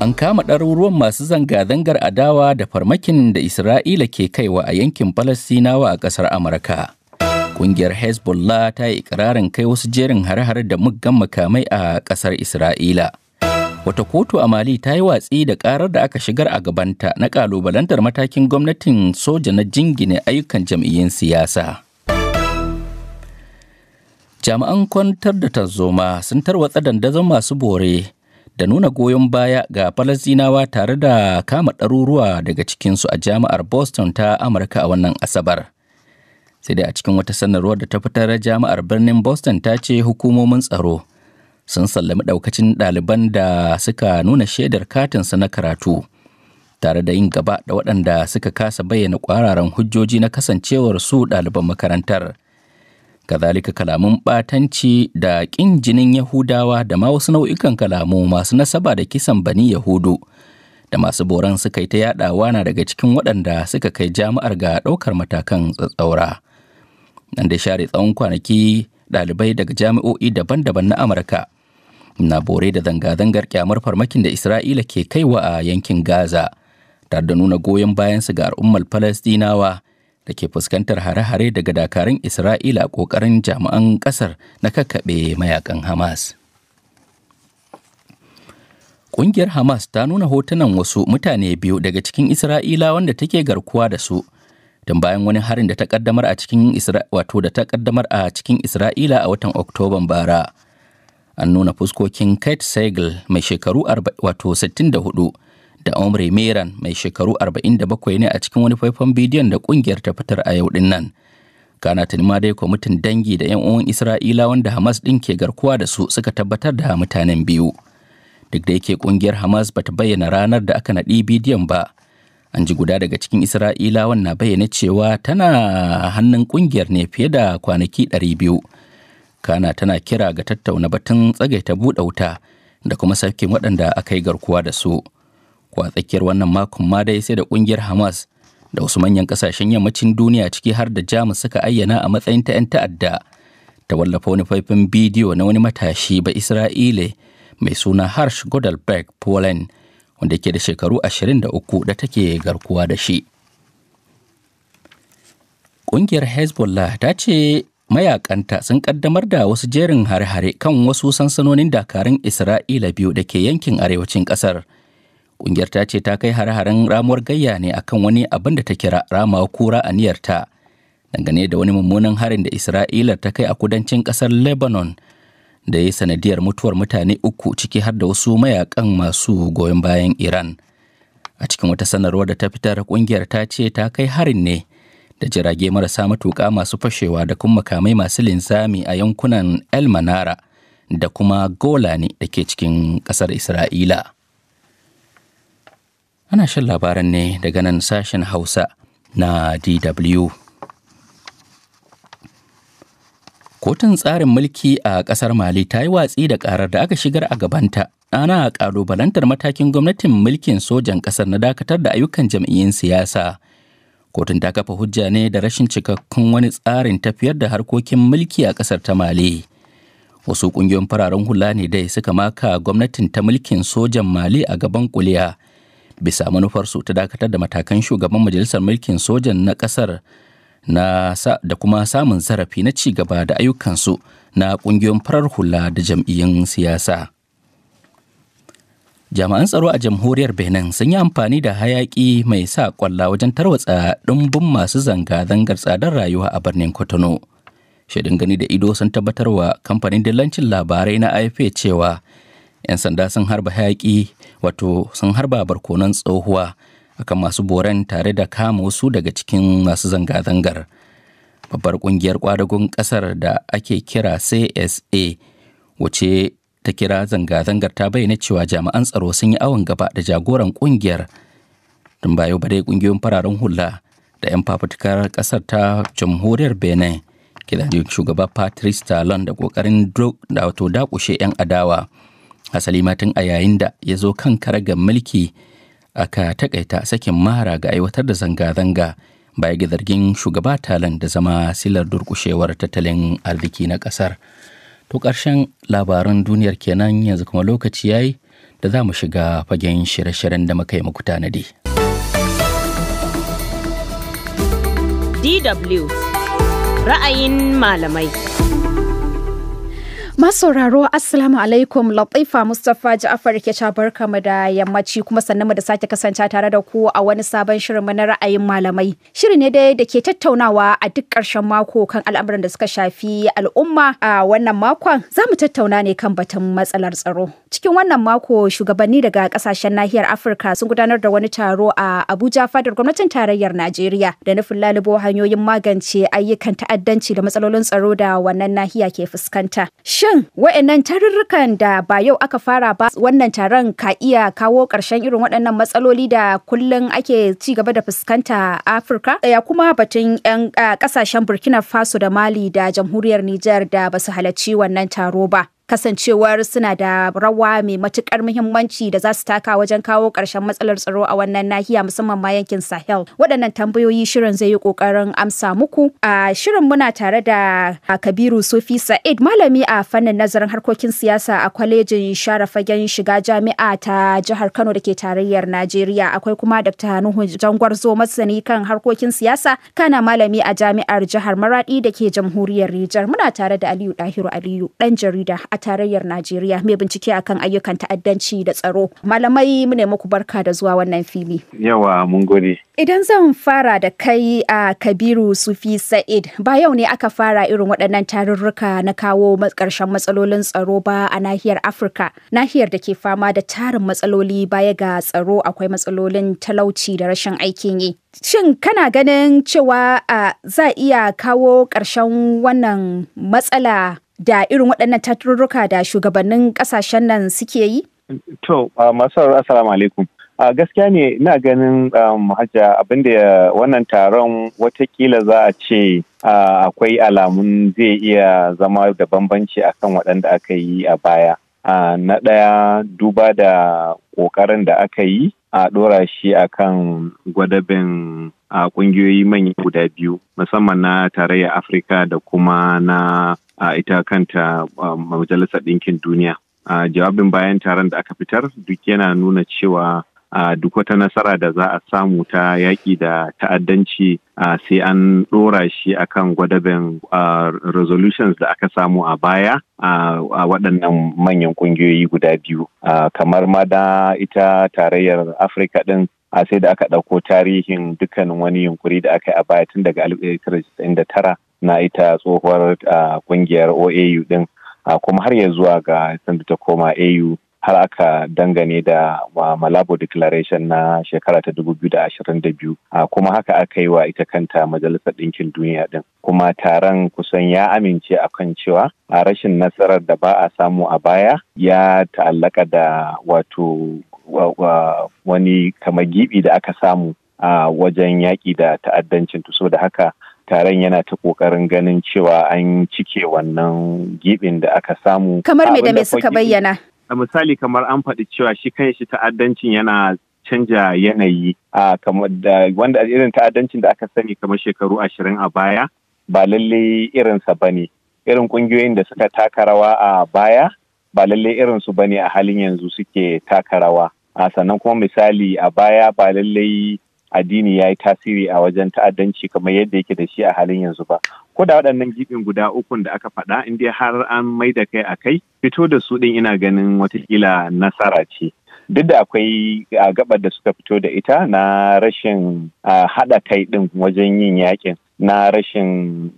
an kama ɗaruruwan masu zanga-zangar adawa da farmakin da Isra'ila ke kaiwa a yankin Falasinawa a ƙasar Amurka. Ƙungiyar Hezbollah ta yi ikirarin kai wasu jerin har-har da muggan makamai a ƙasar Isra'ila. Wata kotu a Mali ta yi watsi da ƙarar da aka shigar a gabanta na ƙalubalantar matakin gwamnatin soja na jingine ayyukan jam'iyyun siyasa. Jami'an kwantar da tarzoma sun tarwatsa dandazon masu bore da nuna goyon baya ga Falasinawa tare da kama ɗaruruwa daga cikinsu a jami'ar Boston ta Amurka a wannan Asabar. Sai dai a cikin wata sanarwar da ta fitar jami'ar birnin Boston ta ce hukumomin tsaro sun sallami ɗaukacin ɗaliban da suka nuna shaidar su na karatu tare da yin gaba da waɗanda suka kasa bayyana ƙwararan hujjoji na kasancewar su ɗaliban makarantar. kazalika kalamun ɓatanci da ƙin jinin yahudawa da ma wasu nau'ikan kalamu masu nasaba da kisan bani yahudu da masu boran suka yi ta yaɗawa na daga cikin waɗanda suka kai jami'ar ga ɗaukar matakan tsatsaura nan da share tsawon kwanaki ɗalibai daga jami'o'i daban-daban na amurka na bore da zanga-zangar kyamar farmakin da isra'ila ke kaiwa a yankin gaza tare da nuna goyon bayansu ga al'ummar falastinawa da ke fuskantar hare-hare daga dakarun Isra'ila a ƙoƙarin jami'an ƙasar na kakkaɓe mayakan Hamas. Ƙungiyar Hamas ta nuna hotunan wasu mutane biyu daga cikin Isra'ila wanda take garkuwa da su. Tun bayan wani harin da ta ƙaddamar a cikin Isra'ila a watan Oktoban bara. An nuna fuskokin Kate Segal mai shekaru wato 64 da Omri Meran mai shekaru 47 ne a cikin wani faifan bidiyon da kungiyar ta fitar a yau din nan. Kana ma dai kwamitin dangi da 'yan uwan Isra'ila wanda Hamas din ke garkuwa da su suka tabbatar da mutanen biyu. Duk da yake kungiyar Hamas bata bayyana ranar da aka naɗi bidiyon ba. An ji guda daga cikin Isra'ila wannan bayyana cewa tana hannun kungiyar ne fiye da kwanaki ɗari biyu. Kana tana kira ga tattauna batun tsagaita buɗe wuta da kuma sarkin waɗanda aka yi garkuwa da su. ko a tsakiyar wannan makon ma dai sai da kungiyar hamas da wasu manyan kasashen yammacin duniya ciki har da jamus suka ayyana a matsayin ta 'yan ta'adda ta wallafa wani faifin bidiyo na wani matashi ba isra'ile mai suna harsh godelberg poland wanda ke da shekaru 23 da take garkuwa da shi ƙungiyar hezbollah ta ce mayakanta sun kaddamar da wasu jerin hare-hare kan wasu sansanonin dakarun isra'ila biyu da ke yankin arewacin ƙasar Ƙungiyar ta ce ta kai hare-haren ramuwar gayya ne akan wani abin da ta kira rama kura a niyarta dangane da wani mummunan harin da Isra'ila ta kai a kudancin ƙasar Lebanon da ya sanadiyar mutuwar mutane uku ciki har da wasu mayakan masu goyon bayan Iran. A cikin wata sanarwa da ta fitar ƙungiyar ta ce ta kai harin ne da jirage marasa matuƙa masu fashewa da kuma makamai masu linzami a yankunan El Manara da kuma Golani da ke cikin ƙasar Isra'ila. ana shan labaran ne daga nan sashen hausa na dw kotun tsarin mulki a ƙasar mali ta yi watsi da ƙarar da aka shigar a gabanta ana ƙalubalantar matakin gwamnatin mulkin sojan ƙasar na dakatar da ayyukan jam'iyyun siyasa kotun ta kafa hujja ne da rashin cikakkun wani tsarin tafiyar da harkokin mulki a ƙasar ta mali wasu ƙungiyoyin fararen hula ne dai suka maka gwamnatin ta mulkin sojan mali a gaban kuliya bisa manufarsu ta dakatar da matakan shugaban majalisar mulkin sojan na kasar na da kuma samun zarafi na ci gaba da ayyukansu na kungiyoyin farar hula da jam'iyyun siyasa jami'an tsaro a jamhuriyar benin sun yi amfani da hayaƙi mai sa kwalla wajen tarwatsa ɗumbin masu zanga-zangar tsadar rayuwa a birnin kotono shaidin gani da ido sun tabbatarwa kamfanin dillancin labarai na afp cewa 'yan sanda sun harba hayaƙi wato sun harba barkonan tsohuwa akan masu boran tare da kama wasu daga cikin masu zanga-zangar babbar ƙungiyar kwadagun ƙasar da ake kira csa wace ta kira zanga-zangar ta bayyana cewa jami'an tsaro sun yi awon gaba da jagoran ƙungiyar tun bayo ba dai kungiyoyin fararen hula da 'yan fafutukar ƙasar ta jamhuriyar benin kidan shugaba patrice talon da ƙoƙarin da wato dakushe 'yan adawa asali ma tun a yayin da ya zo kan karagar mulki aka takaita sakin mara ga aiwatar da zanga-zanga baya ga zargin shugaba talan da zama silar durkushewar tattalin arziki na kasar to ƙarshen labaran duniyar kenan yanzu kuma lokaci ya yi da za mu shiga fagen shirye-shiryen da muka yi muku tanadi DW ra'ayin malamai Masauraro Assalamu alaikum Latifa Mustapha Ja'afar ke barka mu da yammaci kuma sannan mu da sake kasance tare da ku a wani sabon shirin mu na ra'ayin malamai. Shirin ne dai da ke tattaunawa a duk ƙarshen mako kan al'amuran da suka shafi al'umma a wannan makon za mu tattauna ne kan batun matsalar tsaro. Cikin wannan mako shugabanni daga ƙasashen nahiyar Afirka sun gudanar da wani taro a Abuja fadar gwamnatin tarayyar Najeriya da nufin lalubo hanyoyin magance ayyukan ta'addanci da matsalolin tsaro da wannan nahiya ke fuskanta. Shin wa'annan tarurrukan da ba yau aka fara ba wannan taron ka iya kawo ƙarshen irin waɗannan matsaloli da kullum ake ci gaba da fuskanta Afirka? Ya kuma batun 'yan ƙasashen Burkina Faso da Mali da jamhuriyar Nijar da basu halarci wannan taro ba. kasancewar suna da rawa mai matukar muhimmanci da za su taka wajen kawo ƙarshen matsalar tsaro a wannan nahiya musamman ma yankin Sahel. Waɗannan tambayoyi shirin zai yi ƙoƙarin amsa muku. A shirin muna tare da Kabiru Sufi Sa'id malami a fannin nazarin harkokin siyasa a kwalejin share fagen shiga jami'a ta jihar Kano da ke tarayyar Najeriya. Akwai kuma Dr. Nuhu Jangwarzo masani kan harkokin siyasa kana malami a jami'ar jihar Maradi da ke jamhuriyar Nijar. Muna tare da Aliyu Dahiru Aliyu ɗan jarida a tarayyar Najeriya mai bincike akan ayyukan ta'addanci da tsaro. Malamai mune muku barka da zuwa wannan fili. Yawa mun gode. Idan zan fara da kai a Kabiru Sufi Sa'id ba yau ne aka fara irin waɗannan tarurruka na kawo ƙarshen matsalolin tsaro ba a nahiyar Afirka. Nahiyar da ke fama da tarin matsaloli baya ga tsaro akwai matsalolin talauci da rashin aikin yi. Shin kana ganin cewa za iya kawo ƙarshen wannan matsala da irin waɗannan tatturruka da shugabannin ƙasashen nan suke yi? To, masu assalamu alaikum. a gaskiya ne ina ganin um, hajja abinda wannan taron watakila za a ce akwai alamun zai iya zama da bambanci akan waɗanda aka yi a baya na ɗaya duba da ƙoƙarin da aka yi a ɗora shi akan gwadabin a ƙungiyoyi manyan guda biyu musamman na tarayyar afirka da kuma na a ita kanta um, majalisar ɗinkin duniya jawabin bayan taron da aka fitar duk yana nuna cewa duk wata nasara da za a samu ta yaƙi da ta'addanci sai an ɗora shi a kan gwadaben resolutions da aka samu a baya a waɗannan manyan ƙungiyoyi guda biyu kamar ma da ita tarayyar afirka ɗin a sai da aka ɗauko tarihin dukkanin wani yunkuri da aka yi a baya tun daga 1999 na ita tsohuwar kungiyar oau din kuma har ya zuwa ga sun ta koma au har aka dangane da malabo declaration na shekara ta 2022 kuma haka aka yi wa ita kanta majalisar ɗinkin duniya din kuma taron kusan ya amince a kan cewa a rashin nasarar da ba a samu a baya ya ta'allaka da wato wani kamar gibi da aka samu a wajen yaƙi da ta'addancin tuso da haka taron yana ta kokarin ganin cewa an cike wannan gibin da aka samu kamar me da me suka bayyana a misali kamar an faɗi cewa shi kan shi ta'addancin yana canja yanayi a kamar da wanda irin ta'addancin da aka sani kamar shekaru ashirin a baya ba lalle irinsa ba ne irin ƙungiyoyin da suka taka rawa a baya ba lalle irinsu ba ne a halin yanzu suke taka rawa a sannan kuma misali a baya ba lallai. addini ya yi tasiri a wajen ta'addanci kamar yadda yake da shi a halin yanzu ba ko da waɗannan gibin guda ukun da aka faɗa in dai har an mai da kai a kai fito da su ɗin ina ganin watakila nasara ce duk da akwai a gabar da suka fito da ita na rashin haɗa kai ɗin wajen yin yakin na rashin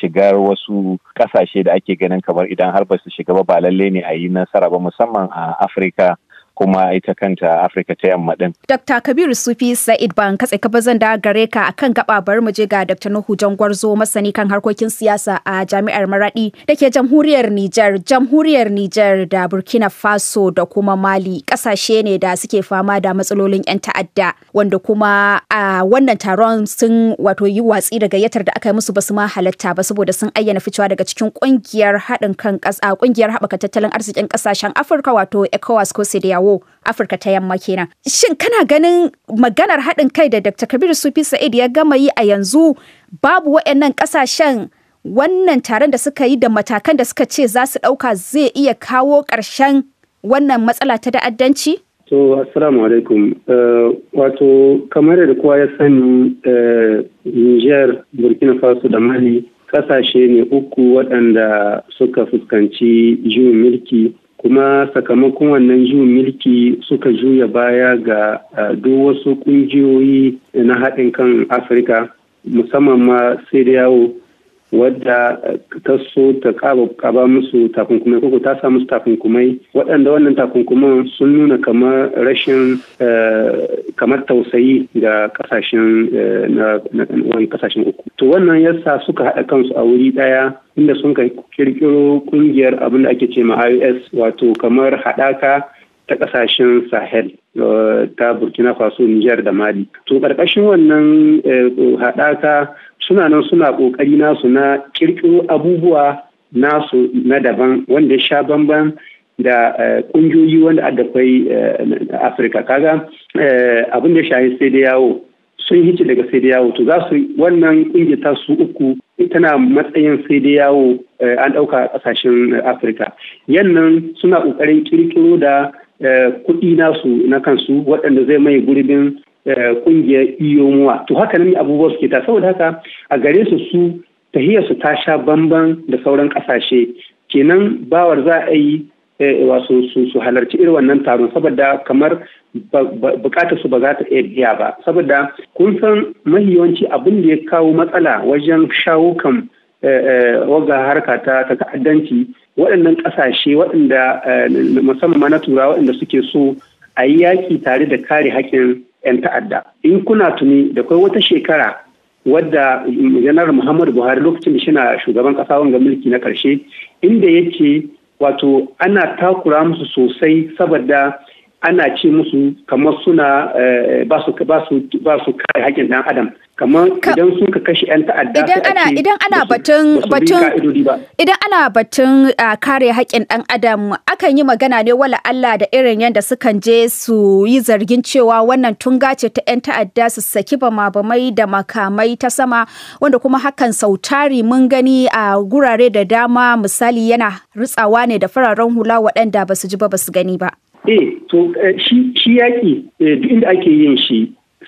shigar wasu ƙasashe da ake ganin kamar idan har ba su shiga ba ba lalle ne a yi nasara ba musamman a afirka kuma ita kanta Afirka ta yamma din. Dr. Kabiru Sufi Sa'id ban katse ka bazan da gare ka akan gaba bar mu je ga Dr. Nuhu Jangwarzo masani kan harkokin siyasa a Jami'ar Maradi da Jamhuriyar Nijar, Jamhuriyar Nijar da Burkina Faso da kuma Mali kasashe ne da suke fama da matsalolin 'yan ta'adda wanda kuma a wannan taron sun wato yi watsi da gayyatar da aka yi musu basu ma halatta ba saboda sun ayyana ficewa daga cikin kungiyar haɗin kan ƙasa kungiyar haɓaka tattalin arzikin ƙasashen Afirka wato ECOWAS ko CEDEAW kawo Afirka ta yamma kenan. Shin kana ganin maganar haɗin kai da Dr. Kabir Sufi Sa'id ya gama yi a yanzu babu waɗannan ƙasashen wannan taron da suka yi da matakan da suka ce za su ɗauka zai iya kawo ƙarshen wannan matsala ta da'addanci? To, assalamu alaikum. Eh, wato, kamar da kowa ya sani eh, Niger, Burkina Faso da Mali ƙasashe ne uku waɗanda suka fuskanci juyin mulki kuma sakamakon wannan juyin mulki suka juya baya ga eh, duk wasu ƙungiyoyi na haɗin kan afirka musamman ma sai da yawo wadda eh, ta so ta kaba musu takunkumai koko ta sa musu takunkumai waɗanda wannan takunkuman sun nuna kamar rashin eh, kamar tausayi ga kasashen eh, na kasashen uku to wannan yasa suka haɗa kansu a wuri ɗaya inda sun ka kirkiro kungiyar abin da ake ce ma ios wato kamar haɗaka ta kasashen sahel ta burkina faso niger da mali to ƙarƙashin wannan haɗaka suna nan suna ƙoƙari nasu na ƙirƙiro abubuwa nasu na daban wanda sha bamban da eh, ƙungiyoyi wanda addakwai eh, a afirka kaga eh, abin da shahi sai da yawo sun hice daga sai da yawo to za su wannan ƙungiyar ta su uku tana matsayin sai da yawo an ɗauka ƙasashen afirka yannan suna ƙoƙarin ƙirƙiro da kuɗi nasu na kansu waɗanda zai mai gurbin Eh, kungiyar iyomuwa e to haka nan abubuwa suke ta saboda haka a gare su su tahiyar su ta sha bamban da sauran kasashe kenan bawar za a yi eh, wasu su halarci irin wannan taron saboda kamar bukatar su ba za ta iya biya ba saboda kun san yawanci abin da ya kawo matsala wajen shawo kan eh, waga harka ta ta'addanci waɗannan ƙasashe waɗanda musamman na turawa waɗanda suke so a yi yaƙi tare da kare haƙƙin 'yan ta'adda in kuna tuni da kai wata shekara wadda janar muhammadu buhari lokacin da shina shugaban kasa wanga mulki na karshe inda yake wato ana takura musu sosai saboda ana ce musu kamar suna eh, ba su kare haƙƙin ɗan adam kamar idan sun ka kashe 'yan ta'adda idan ana batun batun idan ana batun ah, kare haƙƙin ɗan adam akan yi magana ne wala Allah da irin yadda sukan je su yi zargin cewa wannan tunga ce ta 'yan ta'adda su saki bamabamai da makamai ta sama wanda kuma hakan sautari mun gani a gurare da dama misali yana ritsawa ne da fararen hula waɗanda ba su ji ba ba su gani ba eh to eh, shi yaƙi eh, duk inda ake yin shi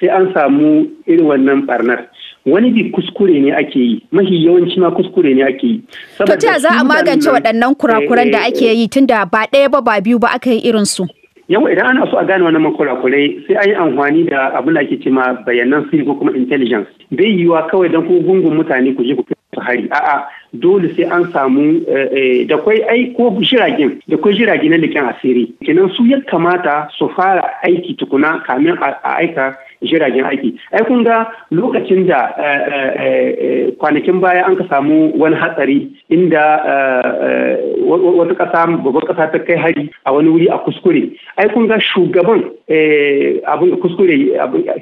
sai an samu irin wannan barnar wani bi kuskure ne ake yi mahi yawanci ma kuskure ne ake yi to ta za a magance waɗannan kurakuran da eh, ake yi tunda ba ɗaya ba ba biyu ba aka yi irin su yawa idan ana so a gane wannan makurakurai sai an yi amfani da abin da ake cema bayanan sirri ko kuma intelligence bai yiwuwa kawai don ku gungun mutane ku je ku hari a'a dole sai an samu eh, eh, da kwai ai ko jiragen da kwai jirage na likin asiri kenan su ya kamata su fara aiki tukuna kamin a aika jiragen aiki ai kun ga lokacin da eh, kwanakin baya an ka samu wani hatsari inda wata ƙasa babban kasa ta kai hari a wani wuri a kuskure ai kun ga shugaban abin kuskure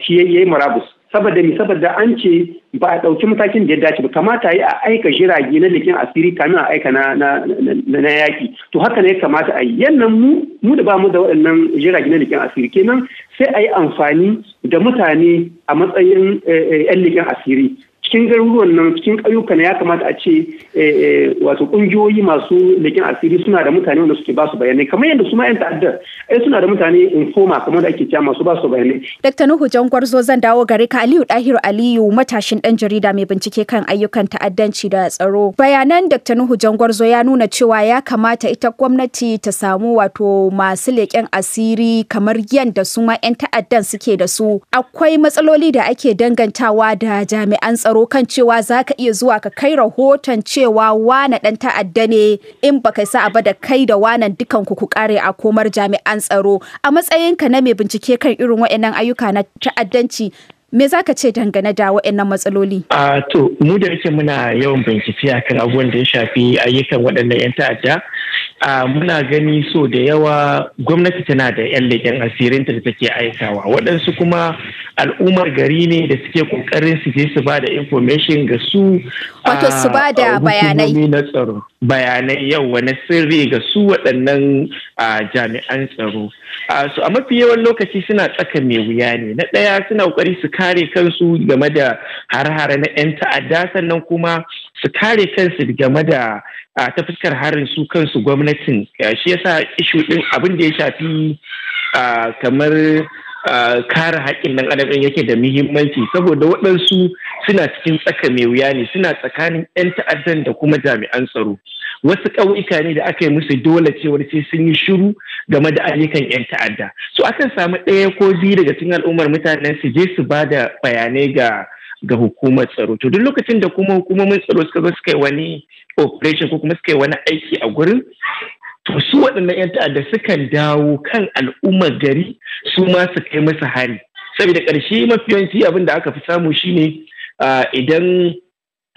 shi yayi yi marabus saboda mi saboda an ce ba a ɗauki matakin da ya dace ba kamata yi a aika jirage na leƙen asiri kamin a aika na yaƙi to haka ne ya kamata a yi yannan mu da ba mu da waɗannan jirage na leƙen asiri kenan sai a yi amfani da mutane a matsayin eh, eh, 'yan leƙen asiri cikin garuruwan nan cikin ƙauyukan ya kamata a ce eh, eh, wato ƙungiyoyi masu leƙen asiri suna da mutane wanda suke ba su bayanai kamar yadda su ma 'yan ta'addar ai suna da mutane informa kamar da ake cewa masu ba su bayanai. Dr. Nuhu Jangwarzo zan dawo gare ka Aliyu Dahiru Aliyu matashin ɗan jarida mai bincike kan ayyukan ta'addanci da tsaro. Bayanan Dr. Nuhu Jangwarzo ya nuna cewa ya kamata ita gwamnati ta samu wato masu leƙen asiri kamar yadda su ma ta'addan suke da su. Akwai matsaloli da ake dangantawa da jami'an tsaro kan cewa za ka iya zuwa ka kai rahoton cewa wane ɗan ta'adda ne in ba kai sa'a ba da kai da wanan dukan ku kare a komar jami'an tsaro a matsayinka na mai bincike kan irin waɗannan ayyuka na ta'addanci me za ka ce dangane da waɗannan matsaloli? A to, mu da yake muna yawan bincike a kan abubuwan da ya shafi ayyukan waɗannan 'yan ta'adda, muna gani so da yawa gwamnati tana da 'yan leƙen asirinta da take aikawa, waɗansu kuma al'ummar gari ne da suke kokarin su je su ba da information ga su wato su ba bayanai na tsaro bayanai yau wani sirri ga su waɗannan jami'an tsaro su a mafi yawan lokaci suna tsaka mai wuya ne na ɗaya suna kokari su kare kansu game da har-hare na 'yan ta'adda sannan kuma su kare kansu game da ta fuskar harin su kansu gwamnatin shi yasa ishu ɗin abin da ya shafi kamar kare haƙƙin ɗan adam yake da muhimmanci saboda waɗansu suna cikin tsaka mai wuya ne suna tsakanin 'yan ta'addan da kuma jami'an tsaro wasu ƙauyuka ne da aka yi musu dole cewar sai sun yi shiru game da ayyukan 'yan ta'adda so akan samu ɗaya ko biyu daga cikin al'ummar mutanen su je su ba da bayanai ga ga hukumar tsaro to duk lokacin da kuma hukumomin tsaro suka zo suka yi wani operation ko kuma suka yi wani aiki a gurin to su waɗannan 'yan ta'adda sukan dawo kan al'ummar gari su ma su kai masa hari saboda ƙarshe mafiyanci abin da aka fi samu shine idan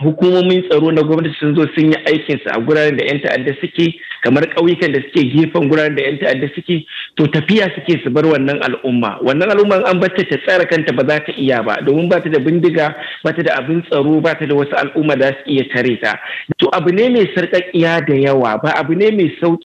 hukumomin tsaro na gwamnati sun zo sun yi aikinsu a guraren da 'yan ta'adda suke kamar ƙauyukan da suke gefen guraren da 'yan ta'adda suke to tafiya suke su bar wannan al'umma wannan al'umman an bata ta tsara kanta ba za ta iya ba domin ba ta da bindiga ba ta da abin tsaro ba ta da wasu al'umma da su iya tare ta to abu ne mai sarƙaƙiya da yawa ba abu ne mai sauƙi